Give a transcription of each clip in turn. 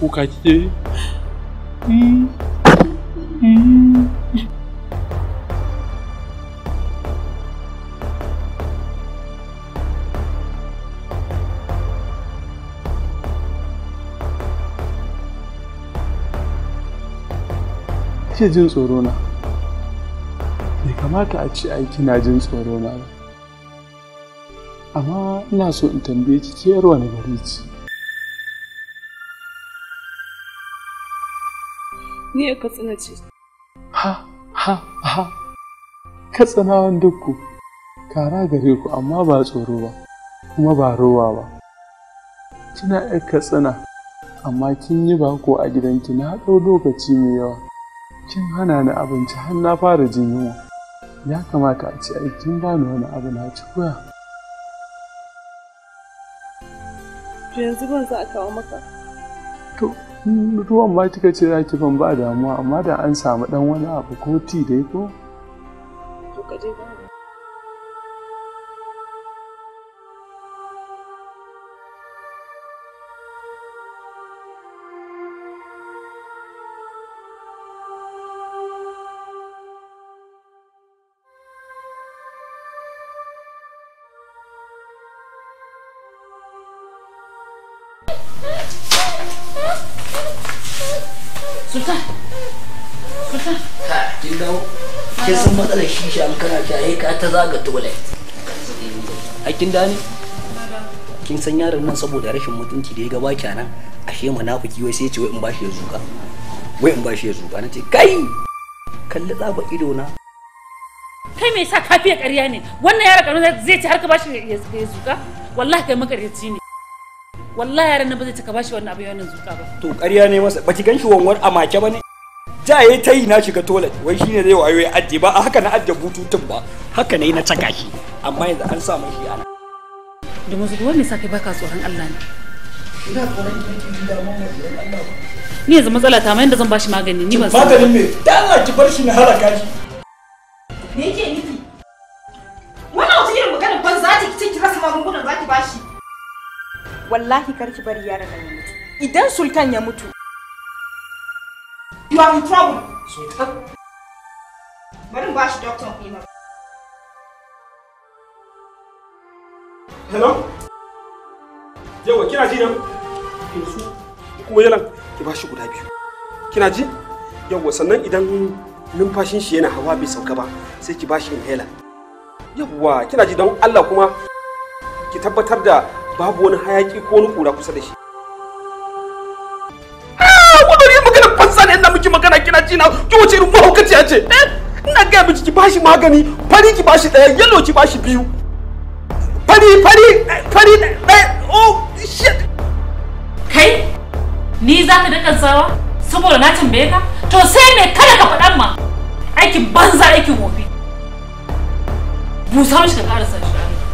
kuka hmm. Hmm. jin tsoro Bai kamata a ce ai kina jin tsoro na ba. Amma ina so in tambaye ki ke yarwa wani gari ki ni katsina ce ha ha ha katsinawan dukku kara gare ku amma ba tsoro ba kuma ba rowa ba kina yar katsina amma kin yi bako a gidanki na ɗau lokaci mai yawa kin hana ni abinci har na fara jin yunwa ya kamata a ce ai kin bani wani abu na ci koya yanzu ban za a kawo maka to ruwan ma kika ce za ki ban ba damuwa amma da an samu dan wani abu ko ti dai ko to ka ba sultan kin san matsalar shisha an kana shaye eh, ka ta zaga dole ai da ne kin san yaron nan saboda rashin mutunci da ya gaba kenan ashe munafiki wai sai ya ce wai in bashi ya zuka wai in bashi ya zuka nace kai kalli tsaba ido na kai me yasa kafiya ƙarya ne wannan yaron kanu zai ci har ka bashi ya zuka wallahi kai makaryaci ne wallahi yaran nan ba zai taka bashi wannan abin wannan zuka ba to ƙarya ne masa baki ganshi wanwar a make bane ja yayi tayi na shiga toilet wai shine zai wayo ya ajje ba haka na ajje bututun ba haka ne na taka shi amma yanzu an sa mashi ana da musu wani sa kai baka tsoron Allah ne ina tsoron kiki da mu Allah ni yanzu matsala ta ma yanda zan bashi magani ni ban san maganin me da Allah ki bar shi na halaka shi me yake nufi wannan wata irin maganar ban za ta ki rasa magungunan za ki bashi wallahi karki bari yaran nan mutu idan sultan ya mutu you are in trouble sultan bari ba shi doctor kuma hello yawa kina ji da yanzu kuma yalan ki ba shi guda biyu kina ji yawa sannan idan numfashin shi yana hawa bai sauka ba sai ki ba shi inhaler yawa kina ji don Allah kuma ki tabbatar da babu wani hayaki ko wani kura kusa da shi wadari maganar banza ne ina miki magana kina jina ki wace irin mahaukaciya ce eh, ina gaya miki ki bashi magani fari ki bashi daya yalo ki bashi biyu fari fari eh, fari daya eh, oh shit kai ni za ka daka sawa saboda na tambaye ka to sai me kada ka faɗan ma aikin banza aikin wofi busa mishi ka ƙarasa shi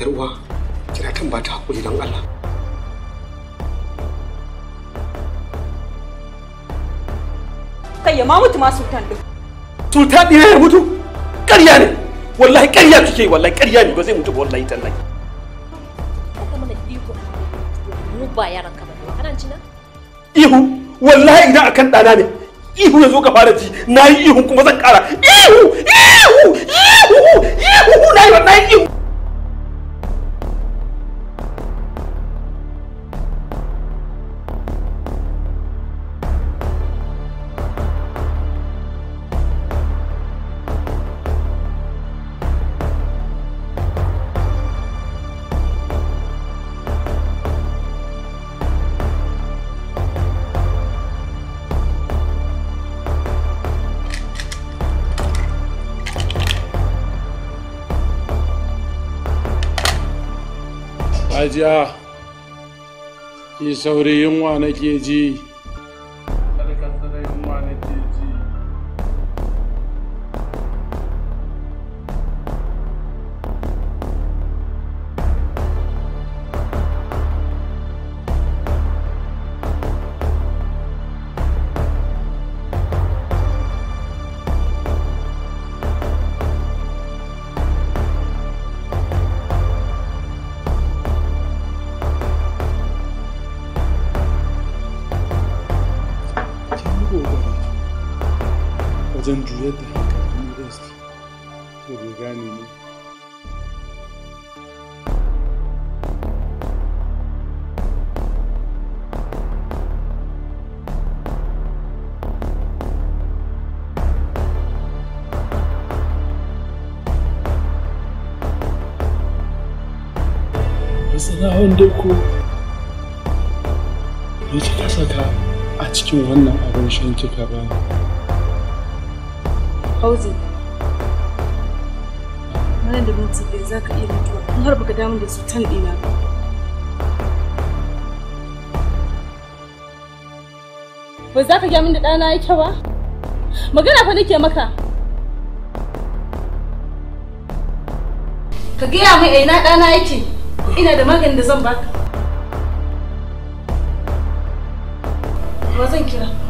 yar uwa kina kan ba ta hakuri don Allah kai ya ma mutu ma sultan din sultan din ya mutu ƙarya ne wallahi ƙarya kike yi wallahi ƙarya ne ba zai mutu ba wallahi tallahi ka mana iko mu ba yaran ka ba kana ji na ihu wallahi idan akan dana ne ihu yazo ka fara ji nayi ihu kuma zan kara ihu ihu ihu ihu na yi ihu hajiya ki saurayi yunwa nake ji wajen juyar da hankalin rest da bai ne sana'an dako da saka a cikin wannan abin shan kika bani Fauzi. mana da minti ɗaya za ka iya mutuwa in har baka damu da sultan ɗina ba. Ba za ka min da ɗana yake ba? Magana fa nake maka. Ka gaya mai ina ɗana yake ina da maganin da zan baka. Ba zan kira.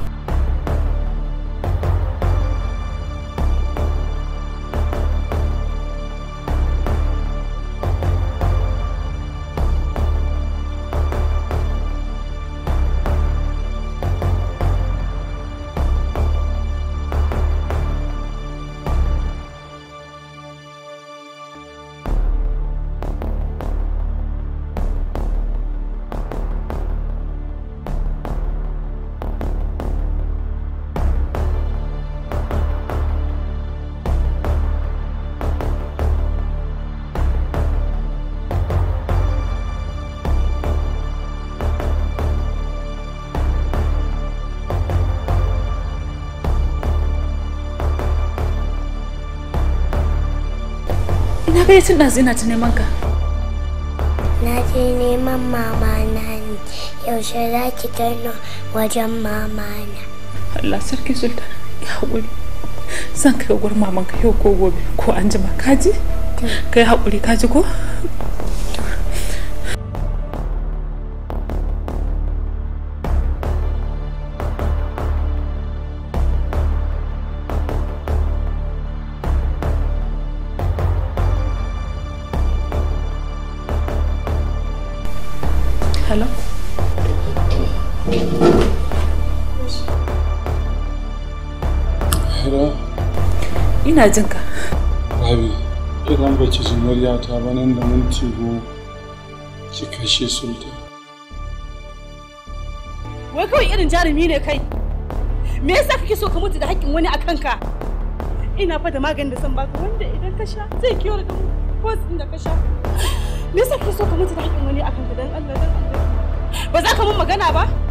ka yi ɗazu ina ta neman ka. Na je neman mama na ne, yaushe za ki tana wajen mama na. Allah sarki sultan ya haƙuri. Zan kai gwar mamanka yau ko gobe ko an jima kaji? Kai haƙuri kaji ko? Hello? Hello? Ina jin ka. Rabi, idan ba ki ji ba nan da minti goma ki kashe sultan. Wai kawai irin jarumi ne kai. Me yasa kake so ka mutu da haƙƙin wani a kanka? Ina fa da maganin da san baka wanda idan ka sha zai kiyo da ko da ka sha. Me yasa kake so ka mutu da haƙƙin wani ba za ka mun magana ba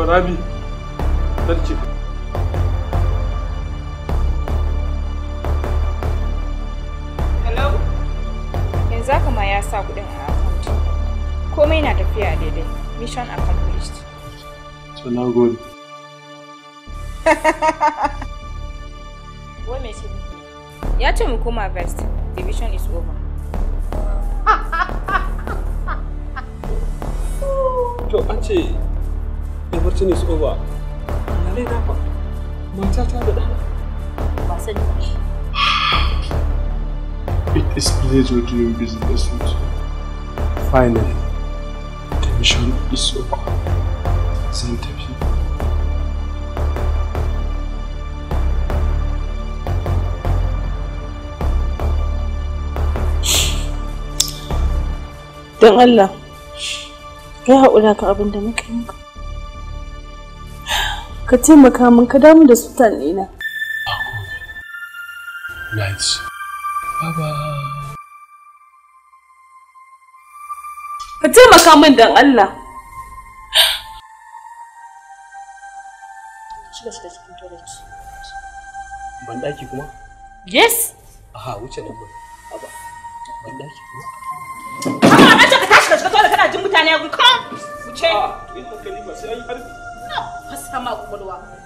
Rabi, tarci. Hello? Yanzu haka ma ya sa kuɗin a account. Komai na tafiya daidai. Mission accomplished. So now good. Wai mai ce Ya ce mu koma vest. Division is over. To an ce Everything is over. Lalai na fa. Mata da ɗana. Ba ba. It is pleasure doing business with you. Finally, is over. Zan tafi. Don Allah, ya haƙura ka abin da muka yi maka. ka taimaka min ka damu da sultan ɗina. Right. Bye bye. Ka taimaka min don Allah. Ban ɗaki kuma? Yes. Aha, wuce nan ba. Aba. Ban ɗaki kuma? Amma an ce ka tashi ka shiga tola kana jin mutane ya gudu. Wuce. Ah, to hankali ba sai an yi harbi. no s a s come l u a f r